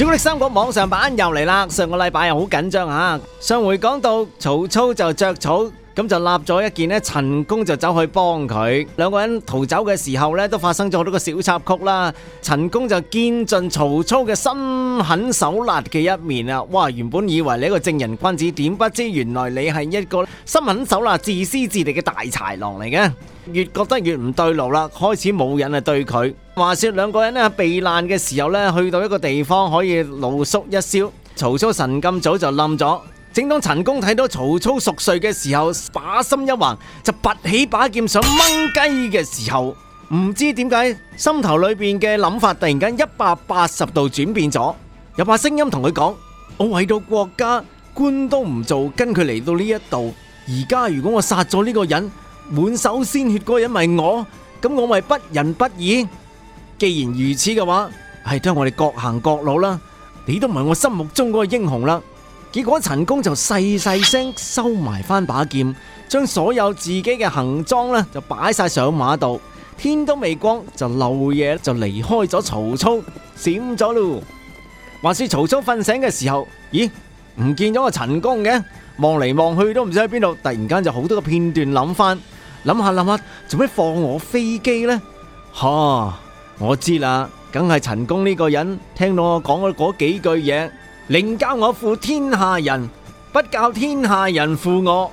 朱古力三國網上版又嚟啦！上個禮拜又好緊張吓。上回講到曹操就着草。咁就立咗一件呢，陳宮就走去幫佢。兩個人逃走嘅時候呢，都發生咗好多個小插曲啦。陳宮就見盡曹操嘅心狠手辣嘅一面啊！哇，原本以為你一個正人君子，點不知原來你係一個心狠手辣、自私自利嘅大豺狼嚟嘅。越覺得越唔對路啦，開始冇人啊對佢。話說兩個人咧避難嘅時候呢，去到一個地方可以露宿一宵。曹操神咁早就冧咗。正當陳宮睇到曹操熟睡嘅時候，把心一橫就拔起把劍想掹雞嘅時候，唔知點解心頭裏邊嘅諗法突然間一百八十度轉變咗，有把聲音同佢講：我為到國家官都唔做，跟佢嚟到呢一度，而家如果我殺咗呢個人，滿手鮮血嗰個人咪我，咁我咪不仁不義。既然如此嘅話，係都係我哋各行各路啦，你都唔係我心目中嗰個英雄啦。結果陳公就細細聲收埋翻把劍，將所有自己嘅行裝呢就擺晒上馬度，天都未光就漏夜就離開咗曹操，閃咗咯。話說曹操瞓醒嘅時候，咦，唔見咗個陳公嘅，望嚟望去都唔知喺邊度，突然間就好多個片段諗翻，諗下諗下，做咩放我飛機呢？吓、啊，我知啦，梗係陳公呢個人，聽到我講嘅嗰幾句嘢。寧教我負天下人，不教天下人負我。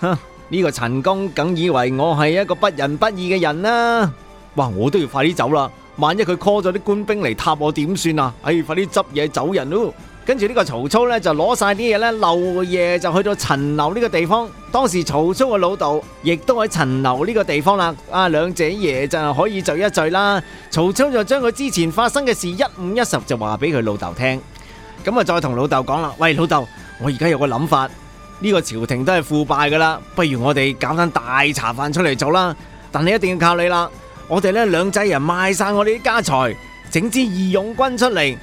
哼！呢個陳公梗以為我係一個不仁不義嘅人啦。哇！我都要快啲走啦，萬一佢 call 咗啲官兵嚟撻我點算啊？哎，快啲執嘢走人咯！跟住呢個曹操呢，就攞晒啲嘢呢，漏夜就去到陳留呢個地方。當時曹操嘅老豆亦都喺陳留呢個地方啦。啊，兩者爺就可以聚一聚啦。曹操就將佢之前發生嘅事一五一十就話俾佢老豆聽。咁啊，再同老豆講啦，喂，老豆，我而家有個諗法，呢個朝廷都係腐敗噶啦，不如我哋搞翻大茶飯出嚟做啦。但係一定要靠你啦，我哋咧兩仔人賣晒我哋啲家財，整支義勇軍出嚟，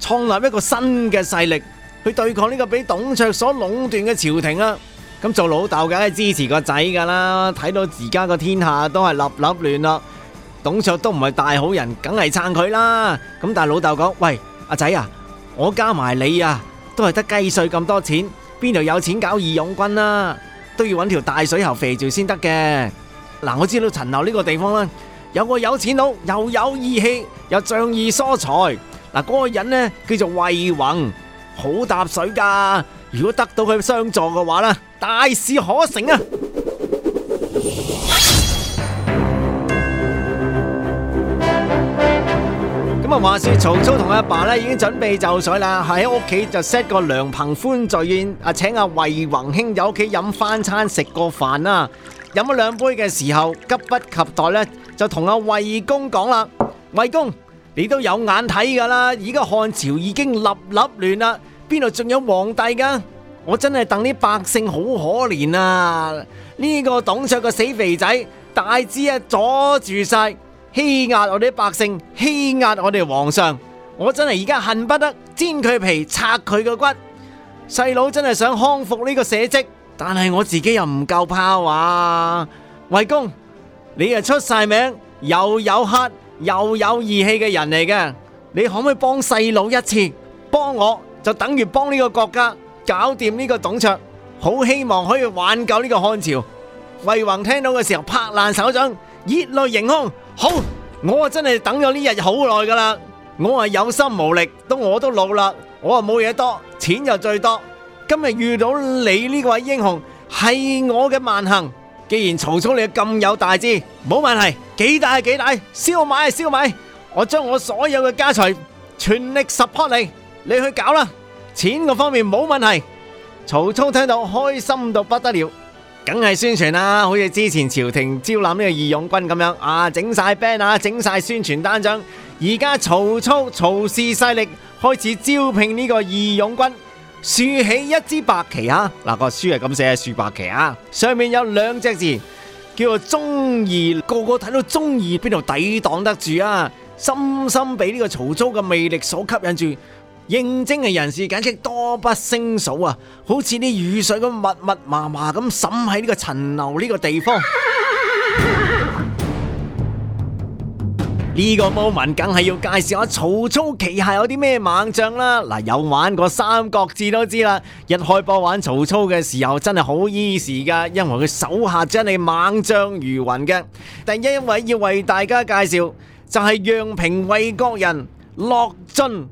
創立一個新嘅勢力去對抗呢個俾董卓所壟斷嘅朝廷啊！咁、嗯、做老豆梗係支持個仔噶啦，睇到而家個天下都係立立亂啦，董卓都唔係大好人，梗係撐佢啦。咁但係老豆講，喂，阿仔啊！我加埋你啊，都係得雞碎咁多錢，邊度有錢搞義勇軍啊？都要揾條大水喉肥住先得嘅。嗱、啊，我知道陳留呢個地方啦，有個有錢佬又有義氣又有仗義疏財，嗱、啊，嗰個人呢叫做衛弘，好搭水噶。如果得到佢相助嘅話呢，大事可成啊！咁啊！話説曹操同阿爸咧已經準備就水啦，喺屋企就 set 個良朋歡聚宴啊，請阿魏宏兄喺屋企飲翻餐食個飯啦。飲咗兩杯嘅時候，急不及待咧，就同阿魏公講啦：「魏公，你都有眼睇㗎啦！而家漢朝已經立立亂啦，邊度仲有皇帝㗎？我真係戥啲百姓好可憐啊！呢個董卓個死肥仔大隻啊，阻住晒。欺壓我哋百姓，欺壓我哋皇上，我真係而家恨不得煎佢皮拆佢個骨。細佬真係想匡扶呢個社稷，但係我自己又唔夠怕話，衛公，你係出晒名又有黑又有義氣嘅人嚟嘅，你可唔可以幫細佬一次？幫我就等於幫呢個國家搞掂呢個董卓，好希望可以挽救呢個漢朝。衛宏聽到嘅時候拍爛手掌，熱淚盈眶。好，我啊真係等咗呢日好耐噶啦，我係有心無力，都我都老啦，我又冇嘢，多、錢又最多，今日遇到你呢位英雄係我嘅萬幸。既然曹操你咁有大志，冇問題，幾大係幾大，燒賣係燒賣，我將我所有嘅家財全力 support 你，你去搞啦，錢嘅方面冇問題。曹操聽到開心到不得了。梗係宣傳啦，好似之前朝廷招攬呢個義勇軍咁樣啊，整晒 banner，整晒宣傳單張。而家曹操曹氏勢力開始招聘呢個義勇軍，豎起一支白旗啊，嗱、啊個書係咁寫，豎白旗啊，上面有兩隻字，叫做忠義，個個睇到忠義邊度抵擋得住啊，深深俾呢個曹操嘅魅力所吸引住。應徵嘅人士簡直多不勝數啊，好似啲雨水咁密密麻麻咁滲喺呢個陳留呢個地方。呢 個 moment 梗係要介紹下、啊、曹操旗下有啲咩猛將啦。嗱、啊，有玩過《三國志》都知啦，一開波玩曹操嘅時候真係好 easy 噶，因為佢手下真係猛將如雲嘅。第一位要為大家介紹就係、是、陽平，衛國人，樂進。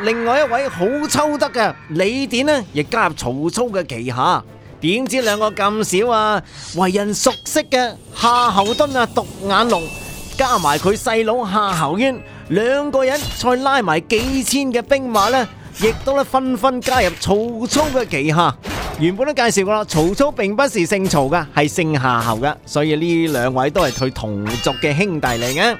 另外一位好抽得嘅李典呢，亦加入曹操嘅旗下。點知兩個咁少啊？為人熟悉嘅夏侯惇啊，獨眼龍，加埋佢細佬夏侯淵，兩個人再拉埋幾千嘅兵馬呢，亦都咧紛紛加入曹操嘅旗下。原本都介紹過啦，曹操並不是姓曹㗎，係姓夏侯㗎，所以呢兩位都係佢同族嘅兄弟嚟嘅。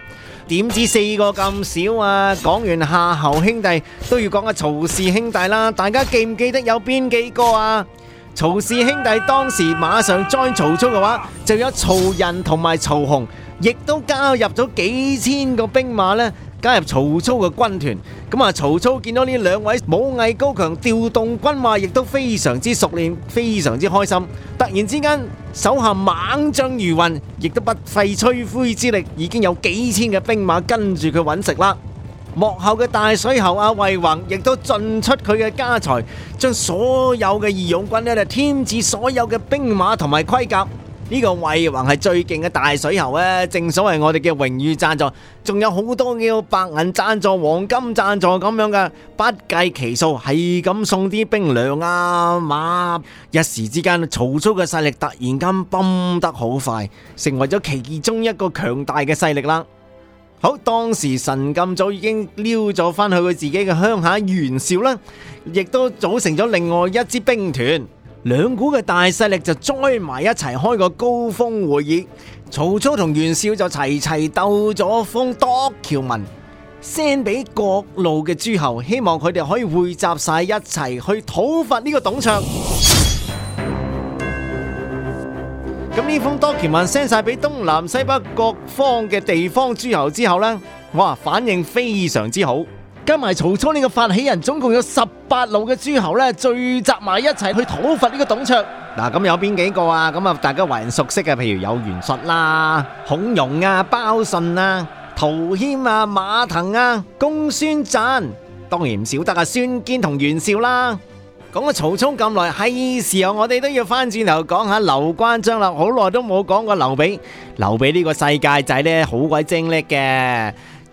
點知四個咁少啊？講完夏侯兄弟都要講下曹氏兄弟啦。大家記唔記得有邊幾個啊？曹氏兄弟當時馬上追曹操嘅話，就有曹仁同埋曹洪，亦都加入咗幾千個兵馬呢。加入曹操嘅軍團，咁啊，曹操見到呢兩位武藝高強、調動軍馬亦都非常之熟練，非常之開心。突然之間，手下猛將如雲，亦都不費吹灰之力，已經有幾千嘅兵馬跟住佢揾食啦。幕後嘅大水喉阿衛宏亦都盡出佢嘅家財，將所有嘅義勇軍呢，就添置所有嘅兵馬同埋盔甲。呢個衛弘係最勁嘅大水喉咧，正所謂我哋嘅榮譽贊助，仲有好多叫白銀贊助、黃金贊助咁樣嘅，不計其數，係咁送啲兵糧啊馬，一時之間，曹操嘅勢力突然間崩得好快，成為咗其中一個強大嘅勢力啦。好，當時陳宮早已經溜咗翻去佢自己嘅鄉下元，袁紹啦，亦都組成咗另外一支兵團。兩股嘅大勢力就栽埋一齊開個高峰會議，曹操同袁紹就齊齊鬥咗封多僑文，send 俾各路嘅諸侯，希望佢哋可以匯集晒一齊去討伐呢個董卓。咁呢 封多僑文 send 晒俾東南西北各方嘅地方諸侯之後呢，哇，反應非常之好。加埋曹操呢個發起人，總共有十八路嘅諸侯呢，聚集埋一齊去討伐呢個董卓。嗱，咁有邊幾個啊？咁啊，大家為人熟悉嘅，譬如有袁術啦、孔融啊、鮑信啊、陶謙啊、馬騰啊、公孫瓚，當然唔少得啊，孫堅同袁紹啦。講咗曹操咁耐，係時候我哋都要翻轉頭講下劉關張啦。好耐都冇講過劉備，劉備呢個世界仔呢，好鬼精叻嘅。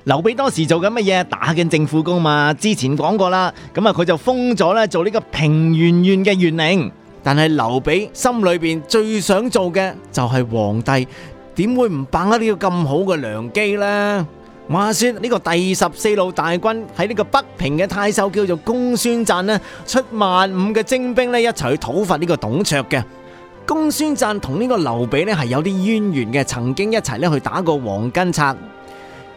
劉備當時做緊乜嘢？打緊政府工嘛？之前講過啦，咁啊佢就封咗咧做呢個平原縣嘅縣令。但係劉備心裏邊最想做嘅就係皇帝，點會唔把握呢個咁好嘅良機呢？話說呢個第十四路大軍喺呢個北平嘅太守叫做公孫瓚呢，出萬五嘅精兵呢一齊去討伐呢個董卓嘅。公孫瓚同呢個劉備呢，係有啲淵源嘅，曾經一齊呢去打過黃巾賊。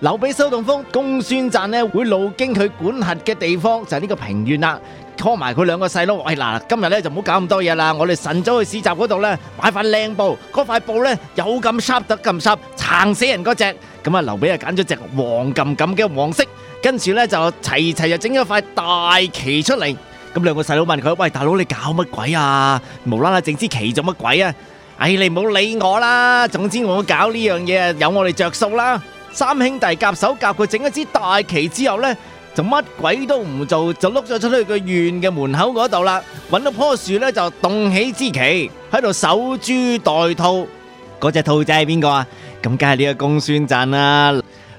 劉備收東風，公孫瓚咧會路經佢管轄嘅地方，就係呢個平原啦。call 埋佢兩個細佬，喂嗱，今日呢就唔好搞咁多嘢啦。我哋晨早去市集嗰度呢，買塊靚布，嗰塊布呢，有咁濕得咁濕，撐死人嗰隻咁啊。劉備啊，揀咗隻黃金金嘅黃色，跟住呢就齊齊就整咗塊大旗出嚟。咁兩個細佬問佢，喂大佬，你搞乜鬼啊？無啦啦，整支旗做乜鬼啊？哎，你唔好理我啦，總之我搞呢樣嘢有我哋着數啦。三兄弟夾手夾佢整一支大旗之後咧，就乜鬼都唔做，就碌咗出去個院嘅門口嗰度啦，揾到棵樹咧就動起支旗喺度守株待兔。嗰隻兔仔係邊個啊？咁梗係呢個公孫瓚啦。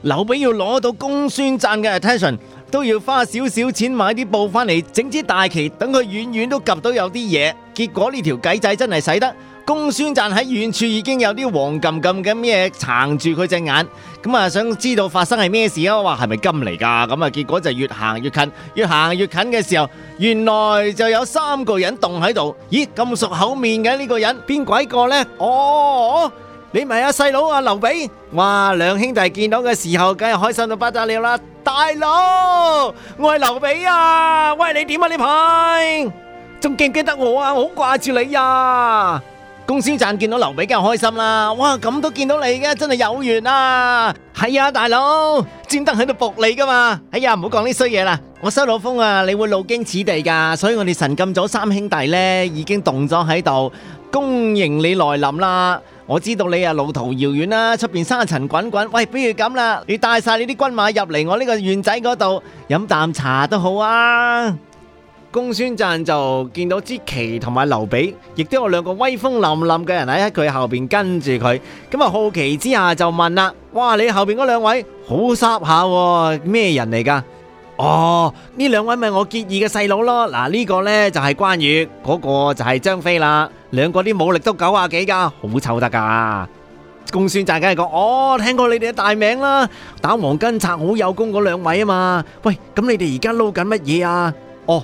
劉備要攞到公孫瓚嘅 attention，都要花少少錢買啲布翻嚟整支大旗，等佢遠遠都睇到有啲嘢。結果呢條計仔真係使得。公孫瓚喺遠處已經有啲黃冧冧嘅嘢撐住佢隻眼，咁啊，想知道發生係咩事啊？話係咪金嚟噶？咁啊，結果就越行越近，越行越近嘅時候，原來就有三個人凍喺度。咦，咁熟口面嘅呢個人，邊鬼個呢？哦，你咪阿細佬阿劉備。哇，兩兄弟見到嘅時候，梗係開心到不得了啦！大佬，我係劉備啊，喂你點啊呢排？仲記唔記得我啊？我好掛住你呀！公孫瓚見到劉備梗係開心啦，哇咁都見到你嘅，真係有緣啊！係、哎、啊，大佬，專登喺度服你噶嘛？哎呀，唔好講呢衰嘢啦，我收到風啊，你會路經此地噶，所以我哋神咁早三兄弟呢，已經動咗喺度，恭迎你來臨啦！我知道你啊路途遙遠啦，出邊沙塵滾滾，喂，不如咁啦，你帶晒你啲軍馬入嚟我呢個院仔嗰度飲啖茶都好啊！公孫瓚就見到朱祁同埋劉備，亦都有兩個威風凜凜嘅人喺佢後邊跟住佢。咁啊好奇之下就問啦：哇！你後邊嗰兩位好颯下，咩人嚟噶？哦，呢兩位咪我結義嘅細佬咯。嗱，呢個呢就係關羽，嗰個就係張飛啦。兩個啲武力都九啊幾噶，好湊得噶。公孫瓚梗係講：哦，聽過你哋嘅大名啦，打黃巾賊好有功嗰兩位啊嘛。喂，咁你哋而家撈緊乜嘢啊？哦。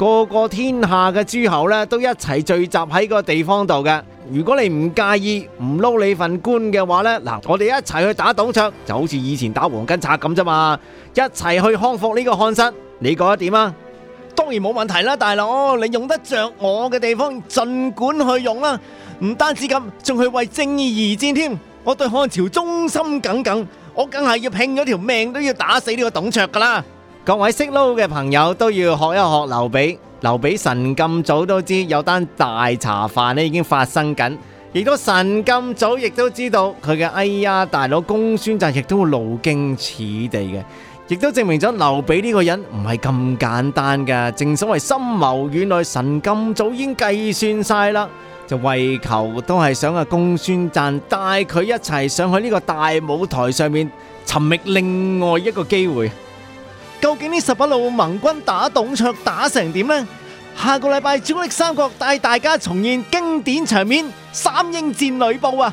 個個天下嘅諸侯咧，都一齊聚集喺個地方度嘅。如果你唔介意唔撈你份官嘅話呢嗱，我哋一齊去打董卓，就好似以前打黃巾賊咁啫嘛。一齊去康復呢個漢室，你覺得點啊？當然冇問題啦，大佬，你用得着我嘅地方，盡管去用啦。唔單止咁，仲去為正義而戰添。我對漢朝忠心耿耿，我梗係要拼咗條命都要打死呢個董卓噶啦。各位識撈嘅朋友都要學一學劉備。劉備神咁早都知有單大茶飯咧，已經發生緊，亦都神咁早，亦都知道佢嘅，哎呀，大佬公孫瓚，亦都會路經此地嘅，亦都證明咗劉備呢個人唔係咁簡單噶。正所謂深謀遠慮，神咁早已經計算晒啦，就為求都係想阿公孫瓚帶佢一齊上去呢個大舞台上面，尋覓另外一個機會。究竟呢十八路盟軍打董卓打成點呢？下個禮拜《朱古力三國》帶大家重現經典場面——三英戰呂布啊！